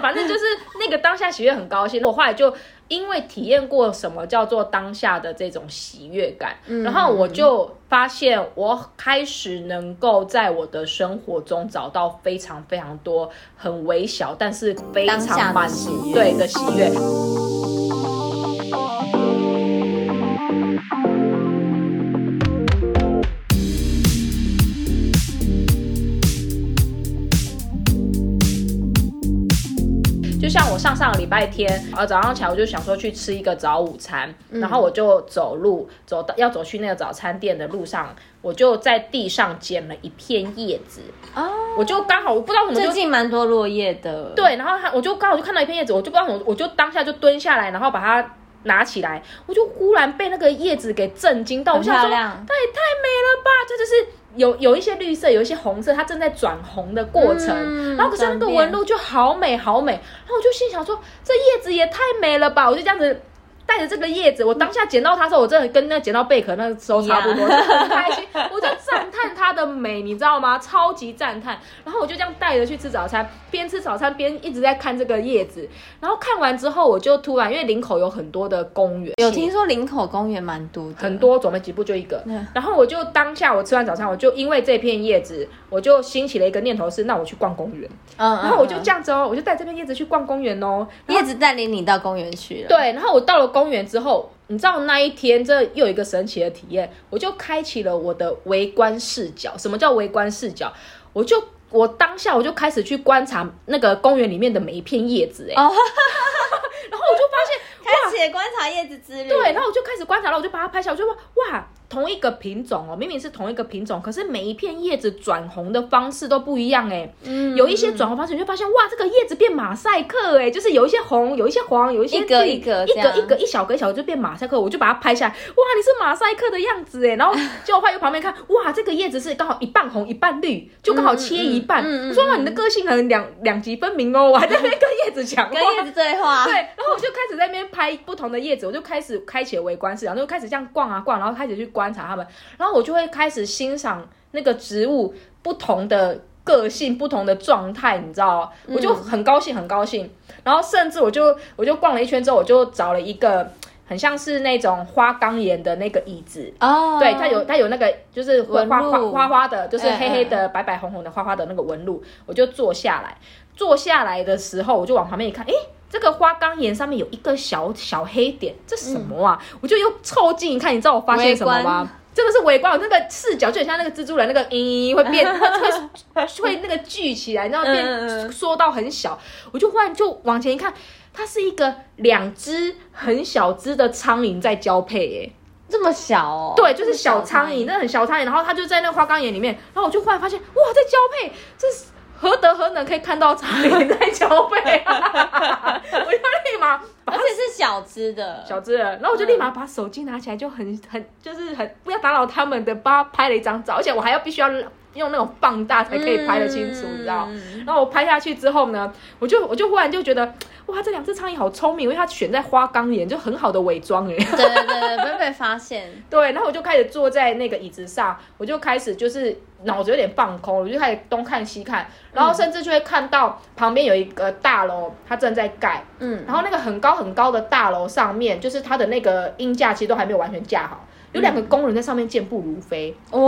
反正就是那個當下喜悅，很高興。我後來就因為體驗過什麼叫做當下的這種喜悅感，然後我就發現，我開始能夠在我的生活中找到非常非常多很微小，但是非常滿足，對的喜悅。上上個禮拜天，然後早上起來我就想說去吃一個早午餐，嗯、然後我就走路走到要走去那個早餐店的路上，我就在地上撿了一片葉子，哦，我就剛好我不知道怎麼就，最近蠻多落葉的。對，然後我就剛好就看到一片葉子，我就不知道怎麼我就當下就蹲下來，然後把它拿起來，我就忽然被那個葉子給震驚到，我想說，這也太美了吧，這就是。有有一些綠色，有一些紅色，它正在轉紅的過程，嗯，然後可是那個紋路就好美好美，嗯，然後我就心想說，嗯，這葉子也太美了吧，我就這樣子。帶着這個葉子，我當下撿到它的時候，我真的跟那撿到貝殼那時候差不多，就、yeah. 很開心，我就讚嘆它的美，你知道嗎？超級讚嘆。然後我就這樣帶着去吃早餐，邊吃早餐邊一直在看這個葉子。然後看完之後，我就突然因為林口有很多的公園，有聽說林口公園蠻多的，很多，走沒幾步就一個。然後我就當下我吃完早餐，我就因為這片葉子。我就興起了一個念頭是，是那我去逛公園、嗯，然後我就這樣子哦、喔嗯，我就帶這片葉子去逛公園哦、喔，葉、嗯、子帶領你到公園去了。對，然後我到了公園之後，你知道那一天這又有一個神奇的體驗，我就開啟了我的微觀視角。什麼叫微觀視角？我就我當下我就開始去觀察那個公園裡面的每一片葉子、欸，哎、哦哈哈哈哈，然後我就發現。嗯而且觀察葉子之旅，對，然後我就開始觀察了，然後我就把它拍下，我就說哇，同一個品種哦、喔，明明是同一個品種，可是每一片葉子轉紅的方式都不一樣哎、欸，嗯，有一些轉紅方式，你就發現哇，這個葉子變馬賽克哎、欸，就是有一些紅，有一些黃，有一些綠一個一個，一格一格，一小格一小格就變馬賽克，我就把它拍下來，哇，你是馬賽克的樣子哎、欸，然後結果換旁邊看， 哇，這個葉子是剛好一半紅一半綠，就剛好切一半，嗯嗯嗯嗯、你說嘛，你的個性很兩兩極分明哦，我還在那邊跟葉子講跟葉子對話，對，然後我就開始在那邊拍。嗯嗯拍不同的葉子，我就開始開啟微觀視角，然後就開始這樣逛啊逛，然後開始去觀察它們，然後我就會開始欣賞那個植物不同的個性、不同的狀態，你知道？我就很高興，很高興、嗯。然後甚至我就我就逛了一圈之後，我就找了一個很像是那種花崗岩的那個椅子哦，oh, 對，它有它有那個就是花花花花的，就是黑黑的、白白紅紅的花花的那個紋路、嗯，我就坐下來。坐下來的時候，我就往旁邊一看，誒、欸。這個花崗岩上面有一個小小黑點，這是什麼啊、嗯？我就又湊近一看，你知道我發現什麼嗎？這個是微觀，那個視角就很像那個蜘蛛人，那個咦會變會會，會那個聚起來，然後變縮到很小。我就忽然就往前一看，它是一個兩只很小只的蒼蠅在交配、欸，耶，這麼小？哦。對，就是小蒼蠅，那很小蒼蠅，蒼蠅，然後它就在那個花崗岩裡面，然後我就忽然發現，哇，在交配，這是。何德何能可以看到茶林在交配哈，我就立馬，而且是小只的小只，然後我就立馬把手機拿起來，就很、嗯、很就是很不要打擾他們的，把他拍了一張照，而且我還要必須要。用那種放大才可以拍得清楚，你、嗯、知道嗎？然後我拍下去之後呢，我就我就忽然就覺得，哇，這兩隻蒼蠅好聰明，因為它選在花崗岩就很好的偽裝哎。對對對，沒 有被，被發現。對，然後我就開始坐在那個椅子上，我就開始就是腦子有點放空，我就開始東看西看，然後甚至就會看到旁邊有一個大樓，它正在蓋。嗯，然後那個很高很高的大樓上面，就是它的那個鷹架其實都還沒有完全架好。有兩個工人在上面健步如飛，哇！那、嗯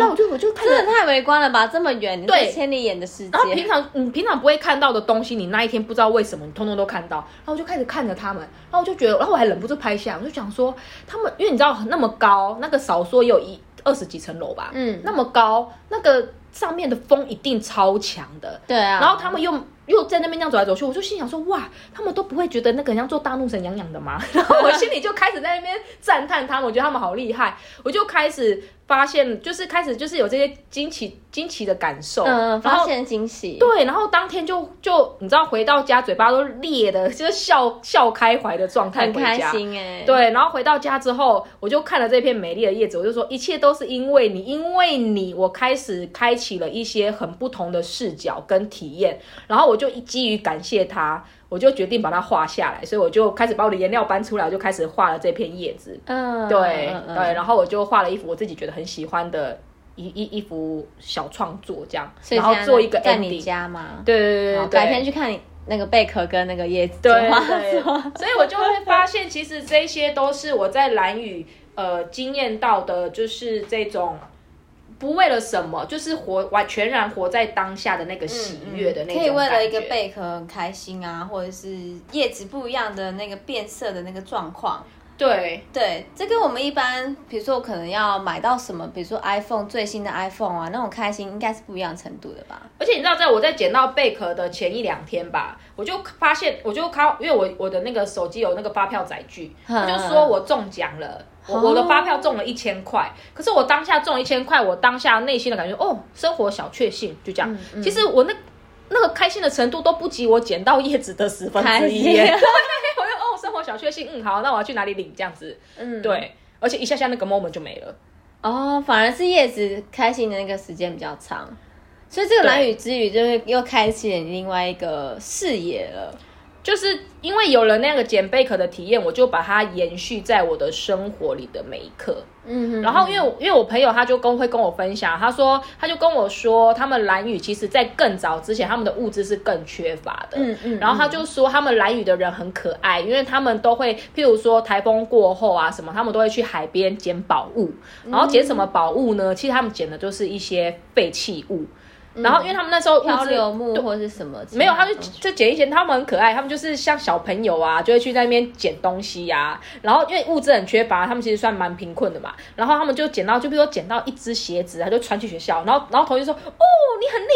哦啊、我就我就真的太微觀了吧，這麼遠，對、那個、千里眼的世界。然後平常你、嗯、平常不會看到的東西，你那一天不知道為什麼你通通都看到。然後我就開始看着他們，然後我就覺得，然後我還忍不住拍下，我就想說他們，因為你知道那麼高，那個少說有一二十幾層樓吧，嗯，那麼高，那個上面的風一定超強的，對啊。然後他們又。嗯又在那邊這樣走來走去，我就心想說：“哇，他們都不會覺得那個人像做大怒神一樣的嗎？”然後我心裡就開始在那邊讚嘆他們， 我覺得他們好厲害。我就開始發現，就是開始就是有這些驚奇、驚奇的感受。嗯，發現驚喜。對，然後當天就就你知道，回到家嘴巴都裂的，就是笑笑開懷的狀態回家，很開心哎、欸。對，然後回到家之後，我就看了這片美麗的葉子，我就說一切都是因為你，因為你，我開始開啟了一些很不同的視角跟體驗。然後我就。就一基於感謝他，我就決定把它畫下來，所以我就開始把我的顏料搬出來，就開始畫了這片葉子。嗯，對嗯對，然後我就畫了一幅我自己覺得很喜歡的一一一幅小創作，這樣，然後做一個 Ending, 在你家嗎？對對對對，改天去看你那個貝殼跟那個葉子。對，對，對，對，所以，我就會發現，其實這些都是我在蘭嶼呃經驗到的，就是這種。不為了什麼，就是活完全然，活在當下的那個喜悅的那個、嗯。可以為了一個貝殼很開心啊，或者是葉子不一樣的那個變色的那個狀況。對、嗯、對，這跟我們一般，比如說可能要買到什麼，比如說 iPhone 最新的 iPhone 啊，那種開心應該是不一樣程度的吧。而且你知道，在我在撿到貝殼的前一兩天吧，我就發現，我就靠，因為我我的那個手機有那個發票載具呵呵，我就說我中獎了。我的發票中了一千塊，oh. 可是我當下中了一千塊，我當下內心的感覺，哦，生活小確幸就這樣、嗯嗯。其實我那那個開心的程度都不及我撿到葉子的十分之一耶開。 我就哦，生活小確幸，嗯，好，那我要去哪裡領這樣子？嗯，對，而且一下下那個 moment 就沒了。哦、oh,，反而是葉子開心的那個時間比較長，所以這個蘭嶼之旅就是又開啟另外一個視野了。就是因為有了那個撿貝殼的體驗，我就把它延續在我的生活裡的每一刻。嗯，然後因為、嗯、因為我朋友他就跟他就會跟我分享，他說他就跟我說，他們蘭嶼其實在更早之前，他們的物資是更缺乏的。嗯嗯，然後他就說、嗯、他們蘭嶼的人很可愛，因為他們都會，譬如說台風過後啊什麼，他們都會去海邊撿寶物。然後撿什麼寶物呢？嗯、其實他們撿的就是一些廢棄物。嗯、然後因為他們那時候漂流木或是什麼，沒有，他就就撿一些，他們很可愛，他們就是像小朋友啊，就會去那邊撿東西呀、啊。然後因為物質很缺乏，他們其實算蠻貧困的嘛。然後他們就撿到，就比如說撿到一只鞋子，他就穿去學校。然後然後同學說，哦，你很厲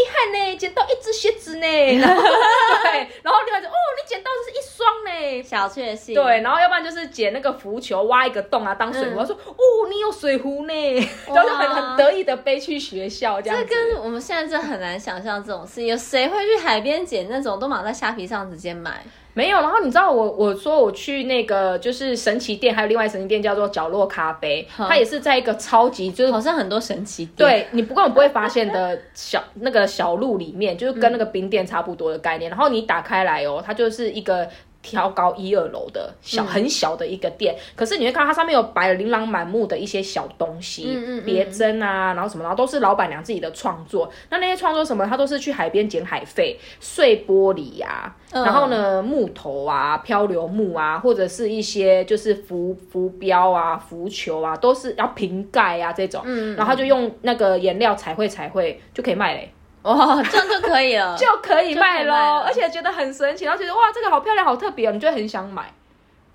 害呢，撿到一只鞋子呢。然後 對。然後另外就，哦，你撿到的是一雙呢。小確幸。對，然後要不然就是撿那個浮球，挖一個洞啊當水壺，嗯、他說，哦，你有水壺呢，然後就是、很很得意的背去學校這樣子。這跟我們現在這很。很難想象這種事情，有誰會去海邊撿那種？都綁在蝦皮上直接買，沒有。然後你知道我，我說我去那個就是神奇店，還有另外神奇店叫做角落咖啡，Oh. 它也是在一個超級就是好像很多神奇店對你不過我不會發現的小 那個小路裡面，就是跟那個冰店差不多的概念，嗯。然後你打開來哦，它就是一個。挑高一二樓的小，很小的一個店，嗯、可是你會看到它上面有擺琳琅滿目的一些小東西，別、嗯、針、嗯嗯、啊，然後什麼，然後都是老闆娘自己的創作。那那些創作什麼，他都是去海邊撿海廢、碎玻璃呀、啊嗯，然後呢木頭啊、漂流木啊，或者是一些就是浮浮標啊、浮球啊，都是要瓶蓋啊這種，嗯嗯，然後他就用那個顏料彩繪彩繪就可以賣嘞。哦，這樣就可以了， 就可以賣咯，就可以賣了。而且覺得很神奇，然後覺得哇，這個好漂亮，好特別，你就很想買。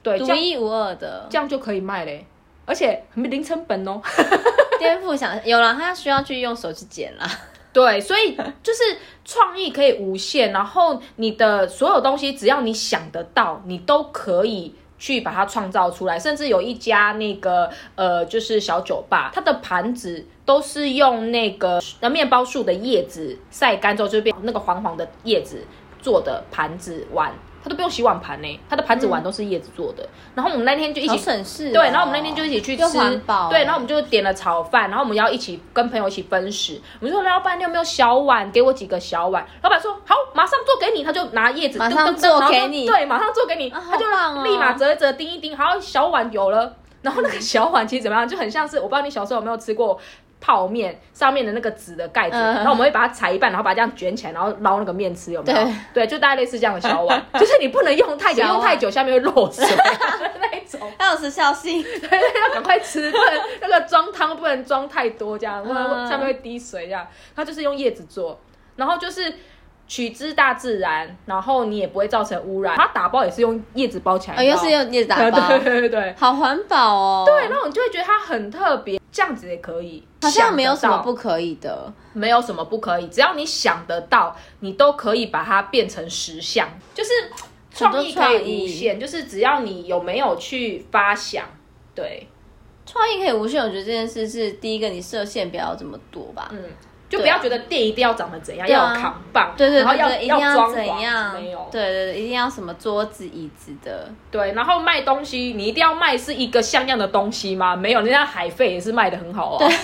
對，獨一無二的，這樣就可以賣嘞，而且零成本哦，顛 覆想有啦，他需要去用手去剪啦。對，所以就是創意可以無限， 然後你的所有東西，只要你想得到，你都可以。去把它創造出來，甚至有一家那個呃，就是小酒吧，它的盤子都是用那個那麵包樹的葉子曬乾之後，就是，變那個黃黃的葉子做的盤子碗。他都不用洗碗盤呢，他的盤子碗都是葉子做的。嗯、然後我們那天就一起省事、啊，對，然後我們那天就一起去吃，吃飽，對，然後我們就點了炒飯，然後我們要一起跟朋友一起分食。我們說老闆，你有沒有小碗？給我幾個小碗。老闆說好，馬上做給你。他就拿葉子馬上做噔噔就給你，對，馬上做給你，啊哦、他就立馬折一折，釘一釘，好，小碗有了。然後那個小碗其實怎麼樣，就很像是我不知道你小時候有沒有吃過。泡麵上面的那個紙的蓋子，uh, 然後我們會把它裁一半，然後把它這樣卷起來，然後撈那個麵吃，有沒有？對，對，就大概類似這樣的小碗， 就是你不能用太久，用太久下面會漏水 那一種。要有時效性 對，對，要趕快吃，不 那個裝湯不能裝太多，這樣不、uh, 下面會滴水。這樣，它就是用葉子做，然後就是取之大自然，然後你也不會造成污染。它打包也是用葉子包起來，哦、又是用葉子打包， 對對對，對好環保哦。對，那我就會覺得它很特別。這樣子也可以，好像沒有什麼不可以的，沒有什麼不可以，只要你想得到，你都可以把它變成實相，就是創意可以無限，就是只要你有沒有去發想，對，創意可以無限，我覺得這件事是第一個，你設限不要這麼多吧，嗯。就不要覺得店一定要長得怎樣，啊、要有扛棒，對對、對、對，然後要一定要，要裝怎樣，沒有，對對對，一定要什麼桌子椅子的，對，然後賣東西，你一定要賣是一個像樣的東西嗎？沒有，人家海費也是賣的很好哦、啊。對，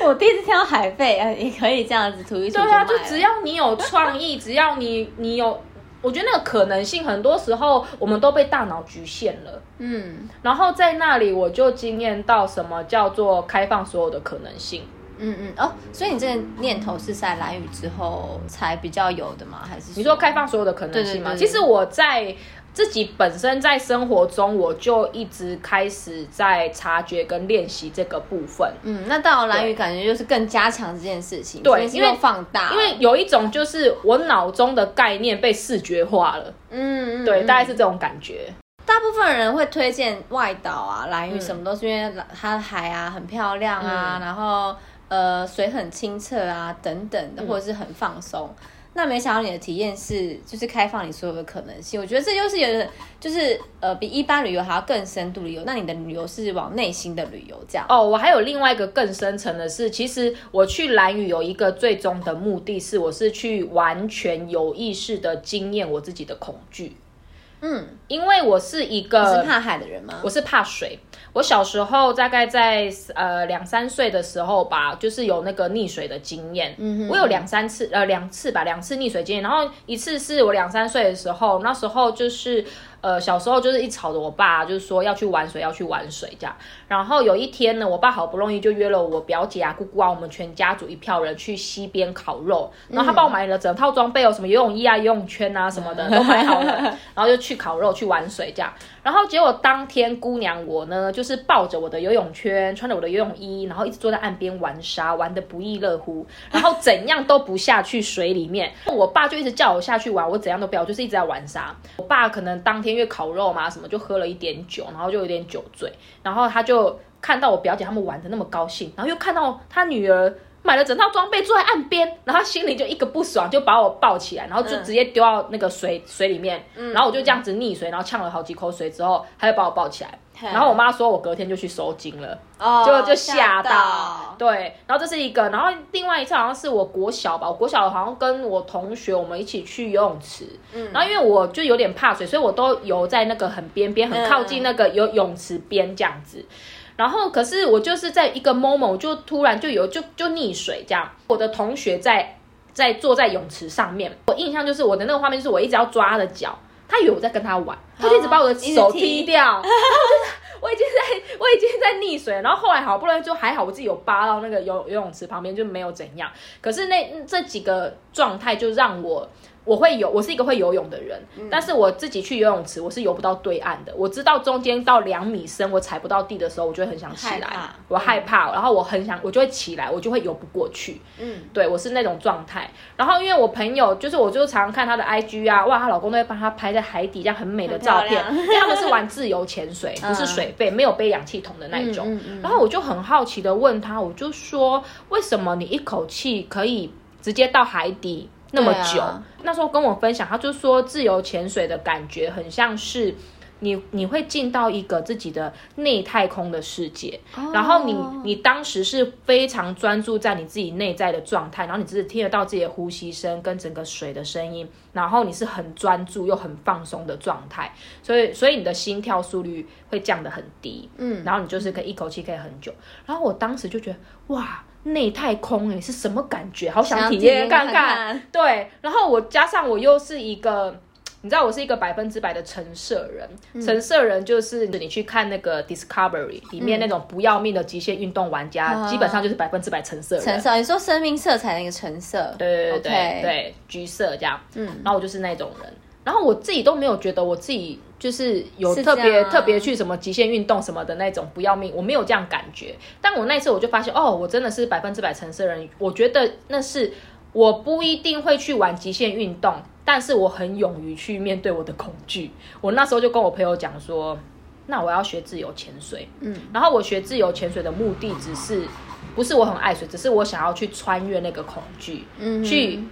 我第一次聽到海費，哎，你可以這樣子塗一塗就。對啊，就只要你有創意， 只要你你有，我覺得那個可能性，很多時候我們都被大腦局限了。嗯，然後在那裡我就經驗到什麼叫做開放所有的可能性。嗯嗯哦，所以你這個念頭是在蘭嶼之後才比較有的嗎？還是說你說開放所有的可能性嗎？對對對對，其實我在自己本身在生活中，我就一直開始在察覺跟練習這個部分。嗯，那到蘭嶼，感覺就是更加強這件事情，對，因為，因為放大，因為有一種就是我腦中的概念被視覺化了。嗯，嗯，嗯，嗯，對，大概是這種感覺。大部分人會推薦外島啊，蘭嶼什麼都是因為它的海啊很漂亮啊，嗯、然後。呃，水很清澈啊，等等的，或者是很放鬆，嗯。那沒想到你的體驗是，就是開放你所有的可能性。我覺得這就是有點，就是呃，比一般旅遊還要更深度旅遊。那你的旅遊是往內心的旅遊這樣？哦，我還有另外一個更深層的是，其實我去蘭嶼有一個最終的目的是，我是去完全有意識的經驗我自己的恐懼。嗯，因為我是一個，我是怕海的人嗎？我是怕水。我小時候大概在呃兩三歲的時候吧，就是有那個溺水的經驗。嗯，我有兩三次，呃，兩次吧，兩次溺水經驗。然後一次是我兩三歲的時候，那時候就是呃小時候就是一吵着我爸，就是說要去玩水，要去玩水這樣。然後有一天呢，我爸好不容易就約了我表姐啊、姑姑啊，我們全家族一票人去溪邊烤肉。然後他幫我買了整套裝備，有什麼游泳衣啊、游泳圈啊什麼的都買好了， 然後就去烤肉、去玩水這樣。然後結果當天，姑娘我呢，就是抱着我的游泳圈，穿着我的游泳衣，然後一直坐在岸邊玩沙，玩得不亦樂乎，然後怎樣都不下去水裡面。 我爸就一直叫我下去玩，我怎樣都不要，就是一直在玩沙。我爸可能當天因為烤肉嘛，什麼就喝了一點酒，然後就有點酒醉，然後他就看到我表姐他們玩得那麼高興，然後又看到他女兒。買了整套裝備，坐在岸邊，然後心裡就一個不爽，就把我抱起來，然後就直接丟到那個水、嗯、水裡面、嗯，然後我就這樣子溺水，然後嗆了好幾口水之後，他就把我抱起來，嗯、然後我媽說我隔天就去收驚了，哦、就就嚇到，嚇到，對。然後這是一個，然後另外一次好像是我國小吧，我國小好像跟我同學我們一起去游泳池，嗯、然後因為我就有點怕水，所以我都游在那個很邊邊，很靠近那個游泳池邊這樣子。嗯嗯然後，可是我就是在一個 moment，就突然就有就就溺水這樣。我的同學在在坐在泳池上面，我印象就是我的那個畫面就是我一直要抓他的腳，他以為我在跟他玩，他一直把我的手踢掉。我，我已經在，我已經在溺水。然後後來好，不然就還好，我自己有扒到那個游游泳池旁邊，就沒有怎樣。可是那這幾個狀態就讓我。我會游，我是一個會游泳的人，嗯、但是我自己去游泳池，我是游不到對岸的。我知道中間到兩米深，我踩不到地的時候，我就會很想起來，害怕、我害怕、嗯。然後我很想，我就會起來，我就會游不過去。嗯，對我是那種狀態。然後因為我朋友，就是我就常常看她的 IG 啊，哇，她老公都會幫她拍在海底這樣很美的照片。 因為他們是玩自由潛水，不是水肺、嗯，沒有背氧氣筒的那種、嗯嗯嗯。然後我就很好奇的問他，我就說，為什麼你一口氣可以直接到海底？那麼久、啊，那時候跟我分享，他就說自由潛水的感覺很像是你你會進到一個自己的內太空的世界，Oh. 然後你你當時是非常專注在你自己內在的狀態，然後你只是聽得到自己的呼吸聲跟整個水的聲音，然後你是很專注又很放鬆的狀態，所以所以你的心跳速率會降得很低，嗯，然後你就是可以一口氣可以很久，然後我當時就覺得哇。內太空你、欸、是什麼感覺？好想體驗看看，看看。對，然後我加上我又是一個，你知道我是一個百分之百的橙色人。橙、嗯、色人就是你去看那個 Discovery 裡面那種不要命的極限運動玩家、嗯，基本上就是百分之百橙色人。橙色，你說生命色彩那個橙色？對對對對、okay, 對，橘色這樣。嗯，然後我就是那種人，然後我自己都沒有覺得我自己。就是有特別特別去什麼極限運動什麼的那種不要命，我沒有這樣感覺。但我那次我就發現，哦，我真的是百分之百城市人。我覺得那是我不一定會去玩極限運動，但是我很勇於去面對我的恐懼。我那時候就跟我朋友講說，那我要學自由潛水。嗯，然後我學自由潛水的目的只是，不是我很愛水，只是我想要去穿越那個恐懼。嗯。去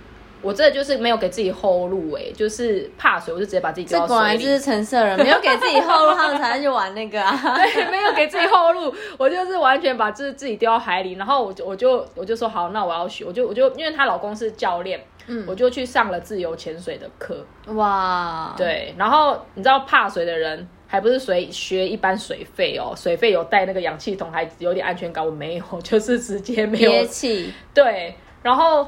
我這就是沒有給自己後路哎，就是怕水，我就直接把自己丟水。這果然就是橙色人，沒有給自己後路，他們才能去玩那個啊。 對，沒有給自己後路，我就是完全把自己自己丟到海裡，然後我就我就我就說好，那我要學，我就我就因為她老公是教練、嗯，我就去上了自由潛水的課。哇，對，然後你知道怕水的人，還不是水，學一般水肺哦、喔，水肺有帶那個氧氣筒，還有點安全感。我沒有，就是直接沒有憋氣。對，然後。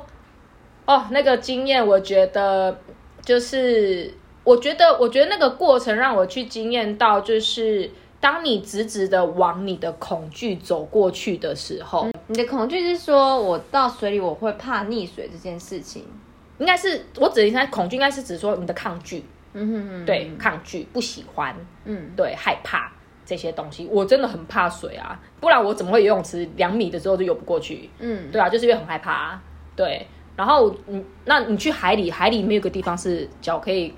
哦、oh，那個經驗，我覺得就是，我覺得，我覺得那個過程讓我去驚艷到，就是當你直直的往你的恐懼走過去的時候，嗯，你的恐懼是說我到水裡我會怕溺水這件事情，應該是我指應該恐懼，應該是指說你的抗拒，嗯哼，嗯哼，對，抗拒不喜歡，嗯，對，害怕這些東西，我真的很怕水啊，不然我怎麼會游泳池兩米的時候就游不過去？嗯，對啊，就是因為很害怕啊，對。然後你，那你去海裡，海裡沒有一個地方是腳可以，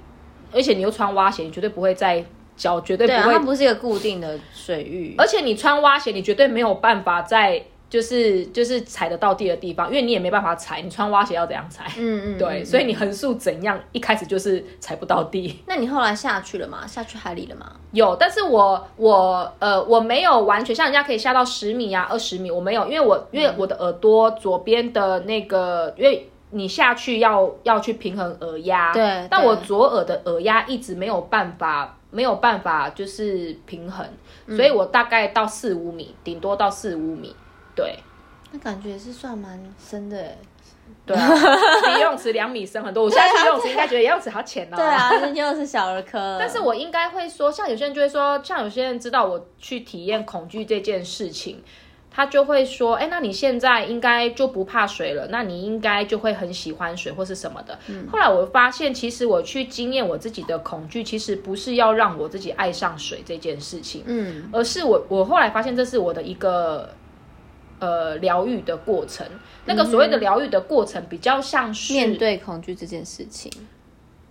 而且你又穿蛙鞋，你絕對不會在腳，絕對不會。它不是一個固定的水域。而且你穿蛙鞋，你絕對沒有辦法在就是就是踩得到地的地方，因為你也沒辦法踩。你穿蛙鞋要怎樣踩？嗯嗯。對嗯，所以你橫豎怎樣、嗯，一開始就是踩不到地。那你後來下去了嗎？下去海裡了嗎？有，但是我我呃我沒有完全像人家可以下到十米啊、二十米，我沒有，因為我因為我的耳朵左邊的那個因為。你下去要要去平衡耳壓，對，但我左耳的耳壓一直沒有辦法，沒有辦法就是平衡，嗯，所以我大概到四五米，頂多到四五米，對。那感覺是算蠻深的。對啊，比 泳池兩米深很多。我下去游泳池應該覺得游泳池好淺哦。對啊，對啊，又是小兒科。 但是我應該會說，像有些人就會說，像有些人知道我去體驗恐懼這件事情。.他就會說：“哎、欸，那你現在應該就不怕水了？那你應該就會很喜歡水，或是什麼的。嗯”後來我發現，其實我去經驗我自己的恐懼，其實不是要讓我自己愛上水這件事情，嗯，而是我我後來發現，這是我的一個呃療癒的過程。嗯、那個所謂的療癒的過程，比較像是面對恐懼這件事情，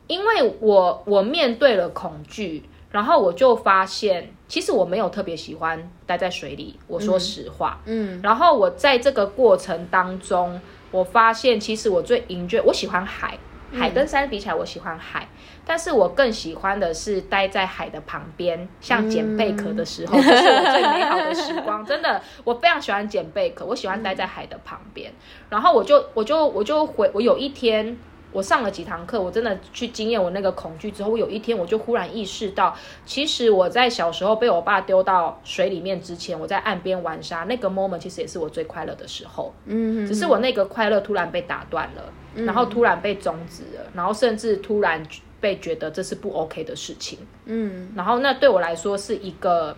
因為我我面對了恐懼。然後我就發現，其實我沒有特別喜歡待在水裡。我說實話，嗯。嗯然後我在這個過程當中，我發現其實我最 enjoy，我喜歡海。海跟山比起來，我喜歡海、嗯。但是我更喜歡的是待在海的旁邊，像撿貝殼的時候，嗯、就是我最美好的時光。 真的，我非常喜歡撿貝殼，我喜歡待在海的旁邊。嗯、然後我就我就我就回，我有一天。我上了幾堂課，我真的去經驗我那個恐懼之後，我有一天我就忽然意識到，其實我在小時候被我爸丟到水裡面之前，我在岸邊玩沙那個 moment 其實也是我最快樂的時候。嗯哼哼，只是我那個快樂突然被打斷了，嗯、然後突然被終止了，然後甚至突然被覺得這是不 OK 的事情。嗯，然後那對我來說是一個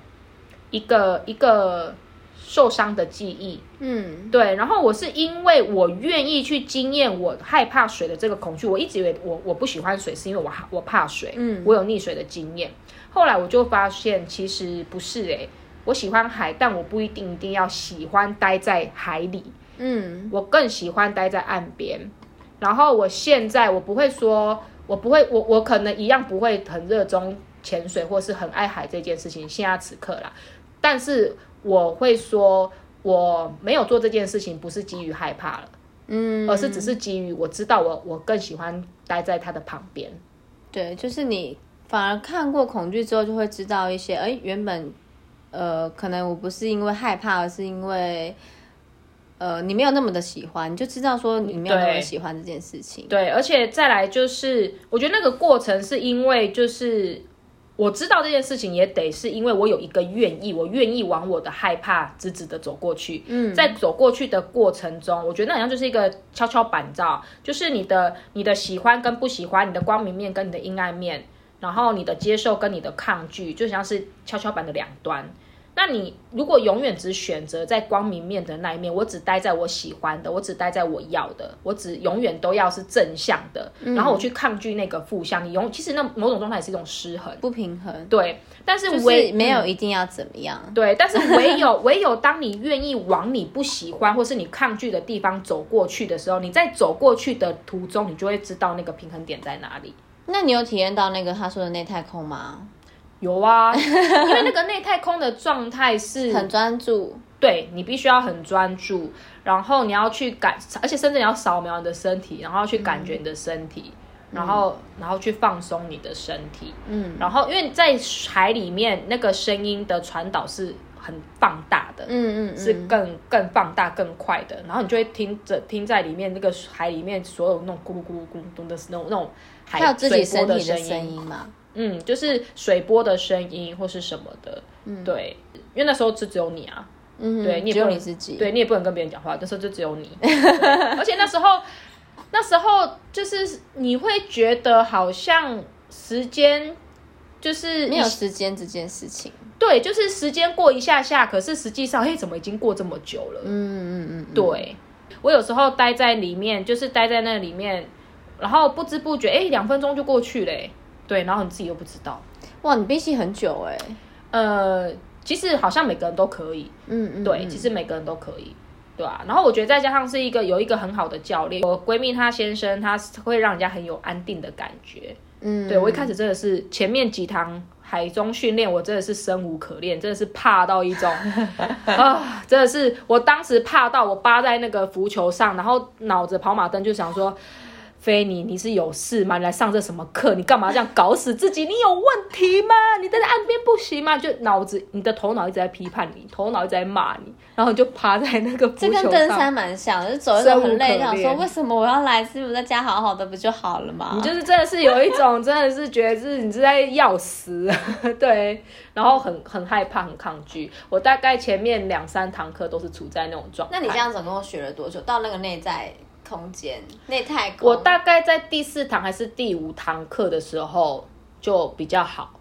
一個一個。一個受傷的記憶，嗯，對，然後我是因為我願意去經驗我害怕水的這個恐懼，我一直以為我我不喜歡水是因為我我怕水，嗯，我有溺水的經驗，後來我就發現其實不是欸，我喜歡海，但我不一定一定要喜歡待在海裡，嗯，我更喜歡待在岸邊，然後我現在我不會說我不會我我可能一樣不會很熱衷潛水或是很愛海這件事情，現在此刻啦，但是。我會說我沒有做這件事情，不是基於害怕了，嗯，而是只是基於我知道我我更喜歡待在他的旁邊。對，就是你反而看過恐懼之後，就會知道一些，誒、欸，原本呃，可能我不是因為害怕，而是因為呃，你沒有那麼的喜歡，你就知道說你沒有那麼喜歡這件事情。對，對，而且再來就是，我覺得那個過程是因為就是。我知道這件事情也得是因為我有一個願意，我願意往我的害怕直直的走過去。嗯，在走過去的過程中，我覺得那好像就是一個蹺蹺板照，就是你的你的喜歡跟不喜歡，你的光明面跟你的陰暗面，然後你的接受跟你的抗拒，就像是蹺蹺板的兩端。那你如果永遠只選擇在光明面的那一面，我只待在我喜歡的，我只待在我要的，我只永遠都要是正向的、嗯，然後我去抗拒那個負向。你永其實那某種狀態也是一種失衡，不平衡。對，但是唯、就是、沒有一定要怎麼樣。嗯、對，但是唯有唯有當你願意往你不喜歡 或是你抗拒的地方走過去的時候，你在走過去的途中，你就會知道那個平衡點在哪裡。那你有體驗到那個他說的內太空嗎？有啊，因為那個內太空的狀態是 很專注，對，你必須要很專注，然後你要去感，而且甚至你要掃描你的身體，然後去感覺你的身體，嗯、然後、嗯、然後去放鬆你的身體。嗯，然後因為在海裡面，那個聲音的傳導是很放大的，嗯嗯，嗯，是更更放大更快的，然後你就會聽着聽在裡面那個海裡面所有那種咕嚕咕嚕咕嚕咚的那種那種海水波的聲音，會有自己身體的聲音嗎？嗯，就是水波的聲音或是什麼的，嗯、對，因為那時候就只有你啊，嗯、對，你只有你自己，對，你也不能跟別人講話，那時候就只有你。 而且那時候，那時候就是你會覺得好像時間就是沒有時間這件事情，對，就是時間過一下下，可是實際上，哎，怎麼已經過這麼久了？嗯嗯嗯，對，我有時候待在裡面，就是待在那裡面，然後不知不覺，哎，兩分鐘就過去嘞、欸。對，然後你自己又不知道。哇，你憋氣很久哎、欸。呃，其實好像每個人都可以。嗯嗯，嗯。對，其實每個人都可以。對啊。然後我覺得再加上是一個有一個很好的教練，我閨蜜她先生，她會讓人家很有安定的感覺。嗯。對我一開始真的是前面幾堂海中訓練，我真的是生無可戀，真的是怕到一種啊、 呃，真的是我當時怕到我趴在那個浮球上，然後腦子跑馬燈就想說。Fanny，你是有事嗎？你來上這什麼課？你幹嘛這樣搞死自己？你有問題嗎？你待在岸邊不行嗎？就腦子，你的頭腦一直在批判你，頭腦一直在罵你，然後你就趴在那個。這跟登山蠻像，就是，走一走很累，想說為什麼我要來？是不是在家好好的不就好了嘛？你就是真的是有一種，真的是覺得是你是在要死， 對，然後很很害怕，很抗拒。我大概前面兩三堂課都是處在那種狀態。那你這樣子總共學了多久？到那個內在？空間，內太空。我大概在第四堂還是第五堂課的時候就比較好。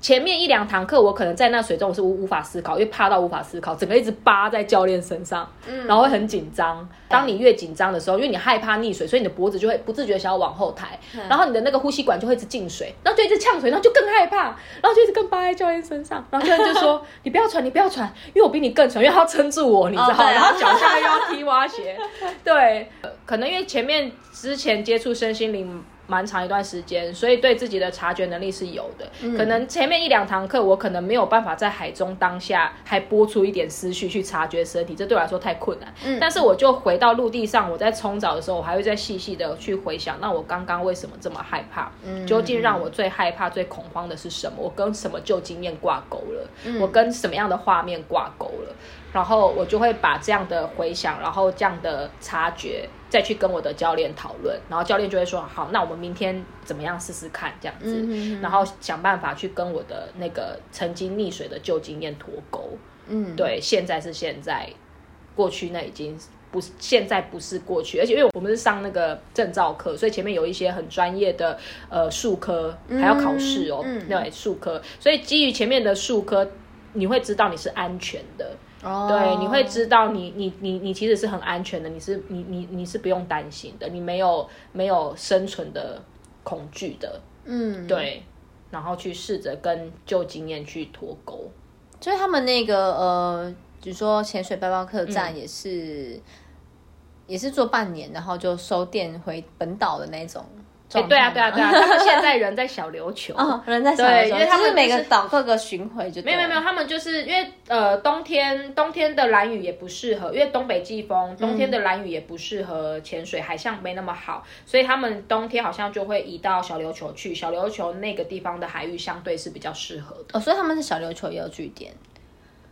前面一兩堂課，我可能在那水中我是無無法思考，因為怕到無法思考，整個一直扒在教練身上，嗯，然後會很緊張。當你越緊張的時候，因為你害怕溺水，所以你的脖子就會不自覺想要往後抬，嗯，然後你的那個呼吸管就會一直進水，然後就一直嗆水，然後就更害怕，然後就一直更扒在教練身上。然後教練就說：“ 你不要喘，你不要喘，因為我比你更喘，因為他要撐住我，你知道、哦，然後腳下又要踢蛙鞋， 對，可能因為前面之前接觸身心靈。”蠻長一段時間，所以對自己的察覺能力是有的。嗯，可能前面一兩堂課，我可能沒有辦法在海中當下還播出一點思緒去察覺身體，這對我來說太困難。嗯，但是我就回到陸地上，我在沖澡的時候，我還會再細細的去回想，那我剛剛為什麼這麼害怕？嗯，究竟讓我最害怕、最恐慌的是什麼？我跟什麼舊經驗掛鈎了？嗯，我跟什麼樣的畫面掛鈎了？然後我就會把這樣的回想，然後這樣的察覺。再去跟我的教練討論，然後教練就會說好，那我們明天怎麼樣試試看這樣子，嗯哼哼，然後想辦法去跟我的那個曾經溺水的舊經驗脫鈎。嗯，對，現在是現在，過去那已經不是，現在不是過去，而且因為我們是上那個證照課，所以前面有一些很專業的呃術科還要考試哦，那、嗯、嗯、對、術科，所以基於前面的術科，你會知道你是安全的。Oh. 對，你會知道你你你你其實是很安全的，你是你你你是不用擔心的，你沒有沒有生存的恐懼的，嗯，對，然後去試着跟舊經驗去脫鈎，所以他們那個呃，比如說潛水背包、包客棧也是、嗯，也是做半年，然後就收店回本島的那種。對啊對啊對啊，對啊對啊對啊 他們現在人在小琉球，哦、oh,，人在小琉球，對，因為他們、就是、是是每個島各個巡迴就對，沒有沒有沒有，他們就是因為呃冬天冬天的蘭嶼也不適合，因為東北季風，冬天的蘭嶼也不適合潛水，海、嗯、象沒那麼好，所以他們冬天好像就會移到小琉球去，小琉球那個地方的海域相對是比較適合的，哦、oh,，所以他們是小琉球也有據點，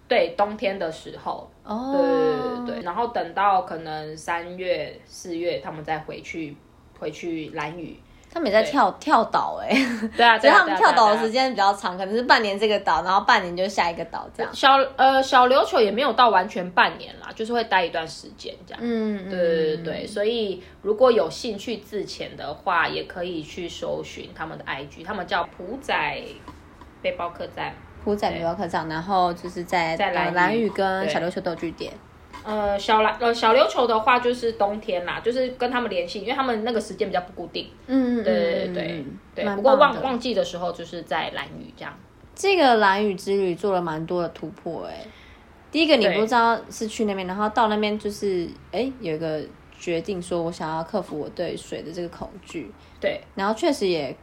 對，冬天的時候，哦、oh.。對對對，然後等到可能三月四月他們再回去回去蘭嶼。他們也在跳跳島、欸，誒，對啊，只是、啊、他們跳島的時間比較長、啊啊啊，可能是半年這個島，然後半年就下一個島這樣。小呃小琉球也沒有到完全半年啦，就是會待一段時間這樣。嗯，對對對、嗯、所以如果有興趣自潛的話，也可以去搜尋他們的 IG，他們叫蒲仔背包客棧，蒲仔對背包客棧對，然後就是在在蘭蘭嶼跟小琉球都有據點。對呃，小藍，呃，小琉球的話就是冬天啦，就是跟他們聯繫，因為他們那個時間比較不固定。嗯對嗯對嗯對。不過旺，旺季的時候就是在蘭嶼這樣。這個蘭嶼之旅做了蠻多的突破誒、欸。第一個你不知道是去那邊，然後到那邊就是，誒，有一個決定說，我想要克服我對水的這個恐懼。對。然後確實也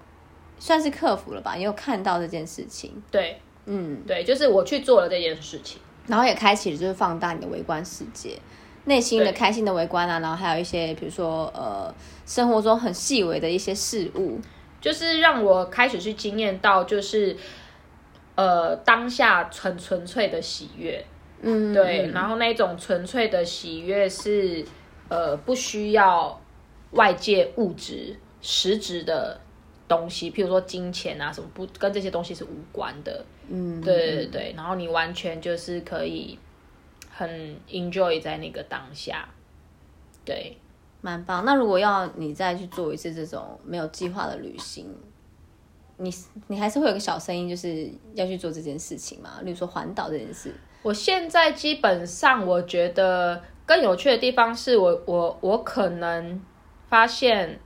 算是克服了吧，也有看到這件事情。對。嗯，對，就是我去做了這件事情。然後也開啟就是放大你的微觀世界，內心的開心的微觀啊，然後還有一些，比如說呃，生活中很細微的一些事物，就是讓我開始去驚艷到，就是呃當下純純粹的喜悅，嗯，對，嗯、然後那種純粹的喜悅是呃不需要外界物質實質的。東西，譬如說金錢啊什麼不，不跟這些東西是無關的。嗯，對對對。然後你完全就是可以很 enjoy 在那個當下，對，蠻棒。那如果要你再去做一次這種沒有計劃的旅行，你你還是會有個小聲音，就是要去做這件事情嘛？例如說環島這件事，我現在基本上我覺得更有趣的地方是我我我可能發現。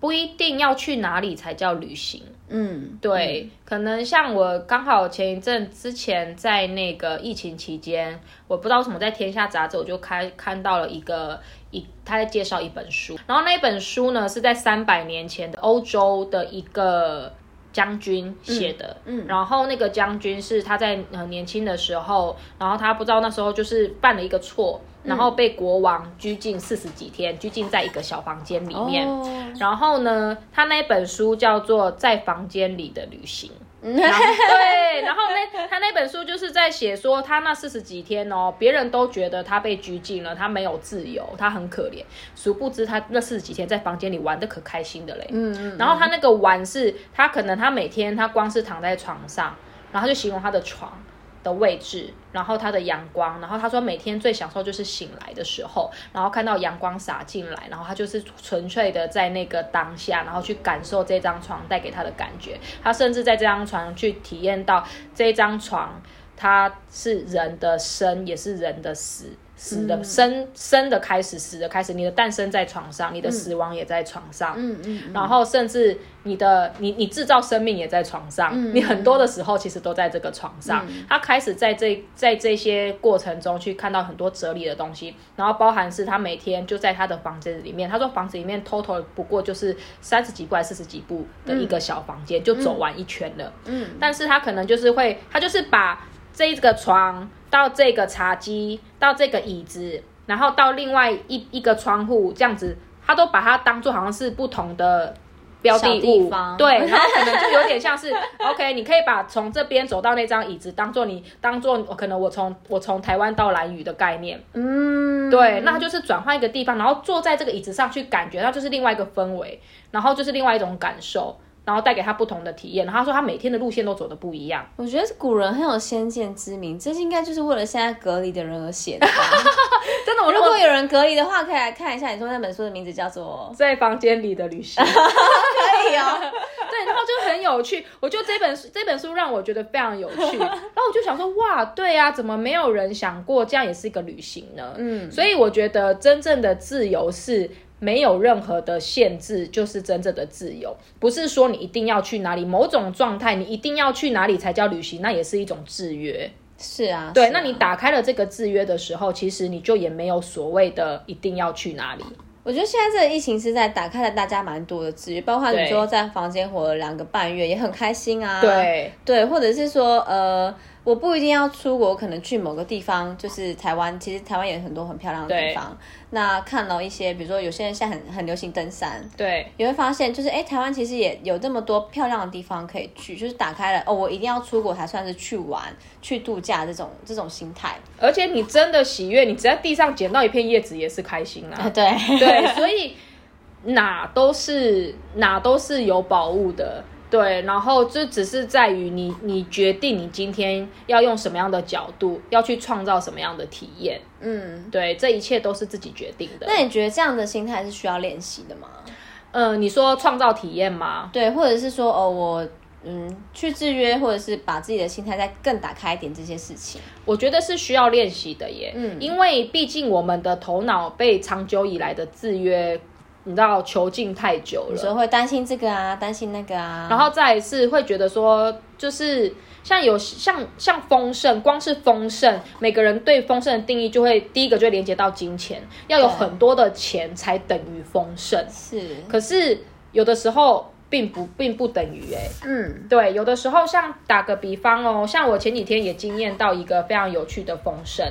不一定要去哪裡才叫旅行，嗯，對，嗯、可能像我剛好前一陣之前在那個疫情期間，我不知道什麼在天下雜誌，我就開看，看到了一個一，他在介紹一本書，然後那本書呢是在三百年前的歐洲的一個。將軍寫的，嗯嗯，然後那個將軍是他在很年輕的時候，然後他不知道那時候就是犯了一個錯，嗯，然後被國王拘禁四十幾天，拘禁在一個小房間裡面。哦，然後呢，他那本書叫做《在房間裡的旅行》。 然後對，然後那他那本書就是在寫說，他那四十幾天哦，別人都覺得他被拘禁了，他沒有自由，他很可憐。殊不知他那四十幾天在房間裡玩得可開心的嘞。嗯，嗯，嗯，然後他那個玩是，他可能他每天他光是躺在床上，然後他就形容他的床，的位置，然後他的陽光，然後他說每天最享受就是醒來的時候，然後看到陽光灑進來，然後他就是純粹的在那個當下，然後去感受這張床帶給他的感覺。他甚至在這張床去體驗到這張床，它是人的生，也是人的死。死的生，生的開始，死的開始，你的誕生在床上，你的死亡也在床上，嗯嗯，嗯，然後甚至你的你你製造生命也在床上，嗯嗯，你很多的時候其實都在這個床上，嗯嗯、他開始在這在這些過程中去看到很多哲理的東西，然後包含是他每天就在他的房間裡面，他說房子裡面 total 不過就是三十幾步還是四十幾步的一個小房間，嗯、就走完一圈了嗯，嗯，但是他可能就是會，他就是把這一個床。到這個茶幾，到這個椅子，然後到另外一一,一個窗戶，這樣子，他都把它當作好像是不同的標的物地方，對，然後可能就有點像是 ，OK，你可以把從這邊走到那張椅子當做你當做，可能我從我從台灣到蘭嶼的概念，嗯，對，那就是轉換一個地方，然後坐在這個椅子上去感覺，那就是另外一個氛圍，然後就是另外一種感受。然後帶給他不同的體驗，然後他說他每天的路線都走得不一樣。我覺得古人很有先見之明，這應該就是為了現在隔離的人而寫的吧。 真的，如果有人隔離的話，可以來看一下。你說那本書的名字叫做《在房間裡的旅行。》 可以啊、哦。 對，然後就很有趣。我就這本書，這本書讓我覺得非常有趣。 然後我就想說，哇，對啊，怎麼沒有人想過這樣也是一個旅行呢？嗯，所以我覺得真正的自由是。沒有任何的限制，就是真正的自由。不是說你一定要去哪裡，某種狀態你一定要去哪裡才叫旅行，那也是一種制約。是啊，對是啊。那你打開了這個制約的時候，其實你就也沒有所謂的一定要去哪裡。我覺得現在這個疫情是在打開了大家蠻多的制約，包括你說在房間活了兩個半月也很開心啊。對對，或者是說呃。我不一定要出國，可能去某個地方，就是台灣。其實台灣也有很多很漂亮的地方。那看到一些，比如說有些人現在很很流行登山，對，你會發現就是，誒，台灣其實也有這麼多漂亮的地方可以去。就是打開了哦，我一定要出國才算是去玩、去度假這種這種心態。而且你真的喜悅，你只在地上撿到一片葉子也是開心啊。對、嗯、對，對 所以哪都是哪都是有寶物的。對，然後這只是在於你，你決定你今天要用什麼樣的角度，要去創造什麼樣的體驗。嗯，對，這一切都是自己決定的。那你覺得這樣的心態是需要練習的嗎？嗯、呃，你說創造體驗嗎？對，或者是說，哦，我嗯去制約，或者是把自己的心態再更打開一點，這些事情，我覺得是需要練習的耶。嗯，因為畢竟我們的頭腦被長久以來的制約。你知道囚禁，太久了，有時候會擔心這個啊，擔心那個啊，然後再一次會覺得說，就是像有像像豐盛，光是豐盛，每個人對豐盛的定義就會第一個就連接到金錢，要有很多的錢才等於豐盛。是，可是有的時候並不並不等於哎、欸，嗯，對，有的時候像打個比方哦，像我前幾天也經驗到一個非常有趣的豐盛。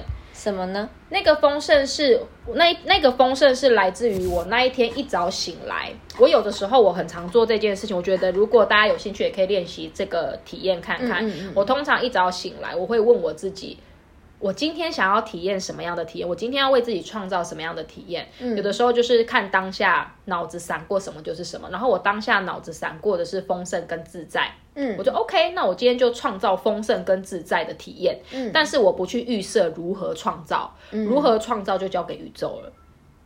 什麼呢？那個豐盛是那那個豐盛是來自於我那一天一早醒來。我有的時候我很常做這件事情，我覺得如果大家有興趣也可以練習這個體驗看看。嗯嗯嗯，我通常一早醒來，我會問我自己。我今天想要體驗什麼樣的體驗？我今天要為自己創造什麼樣的體驗，嗯？有的時候就是看當下腦子閃過什麼就是什麼。然後我當下腦子閃過的是豐盛跟自在，嗯，我就 OK。那我今天就創造豐盛跟自在的體驗，嗯。但是我不去預設如何創造，嗯，如何創造就交給宇宙了。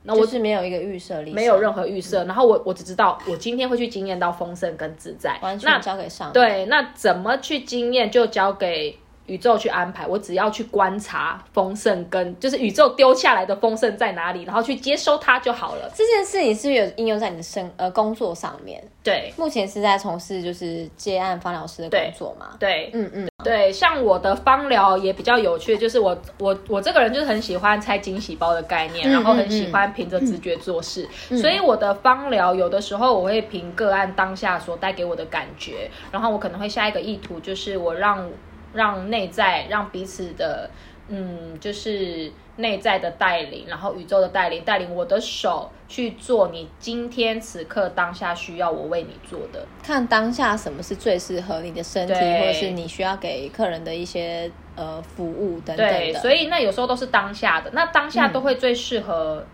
那我，就是沒有一個預設立，沒有任何預設，嗯。然後我我只知道我今天會去經驗到豐盛跟自在。完全交給上對，那怎麼去經驗就交給。宇宙去安排，我只要去觀察豐盛跟，跟就是宇宙丟下來的豐盛在哪裡，然後去接收它就好了。這件事你是不是有應用在你的生呃工作上面？對，目前是在從事就是接案芳療師的工作嘛？對，嗯嗯，對嗯，對，像我的芳療也比較有趣，就是我我我這個人就是很喜歡猜驚喜包的概念，然後很喜歡憑着直覺做事，嗯嗯、所以我的芳療有的時候我會憑個案當下所帶給我的感覺，然後我可能會下一個意圖，就是我讓。讓內在，讓彼此的，嗯，就是內在的帶領，然後宇宙的帶領，帶領我的手去做你今天此刻當下需要我為你做的。看當下什麼是最適合你的身體，或者是你需要給客人的一些呃服務等等的。對，所以那有時候都是當下的，那當下都會最適合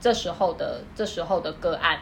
這時候的，嗯、這時候的個案。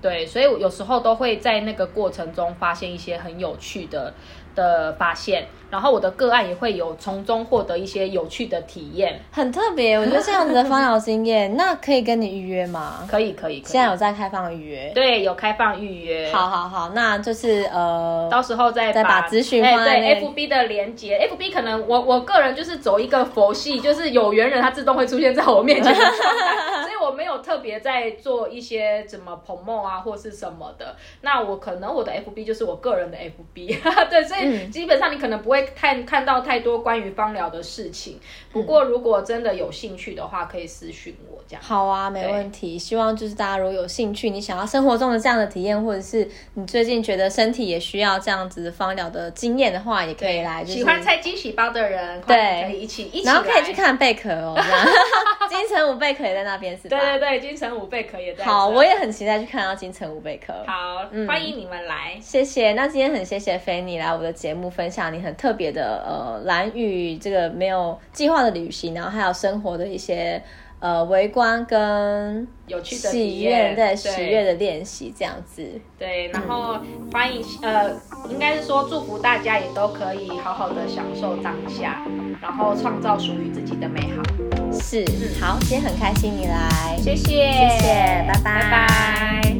對，所以有時候都會在那個過程中發現一些很有趣的。的發現，然後我的個案也會有從中獲得一些有趣的體驗，很特別。我覺得這樣子的芳療經驗， 那可以跟你預約嗎？可以？可以，可以。現在有在開放預約，對，有開放預約。好，好，好，那就是呃，到時候再把再把諮詢放。哎、欸，對，FB 的連結，FB 可能我我個人就是走一個佛系，就是有緣人他自動會出現在我面前， 所以我沒有特別在做一些什麼 promote 啊或是什麼的。那我可能我的 FB 就是我個人的 FB， 對，所以。嗯、基本上你可能不會太看到太多關於芳療的事情，不過如果真的有興趣的話，可以私訊我這樣，嗯、這樣。好啊，沒問題。希望就是大家如果有興趣，你想要生活中的這樣的體驗，或者是你最近覺得身體也需要這樣子芳療的經驗的話，也可以來。就是、喜歡猜驚喜包的人，對，可以一起一起。然後可以去看貝殼哦， 金城武貝殼也在那邊是吧？對對對，金城武貝殼也在。好，我也很期待去看到金城武貝殼。好、嗯，歡迎你們來。謝謝。那今天很謝謝 Fanny 來我的節目分享你很特別的呃蘭嶼這個沒有計劃的旅行，然後還有生活的一些呃微觀跟有趣的喜悅的喜悅的練習這樣子。對，然後、嗯、歡迎呃應該是說，祝福大家也都可以好好的享受當下，然後創造屬於自己的美好。是，嗯、好，今天很開心你來，謝謝謝謝，拜拜拜拜。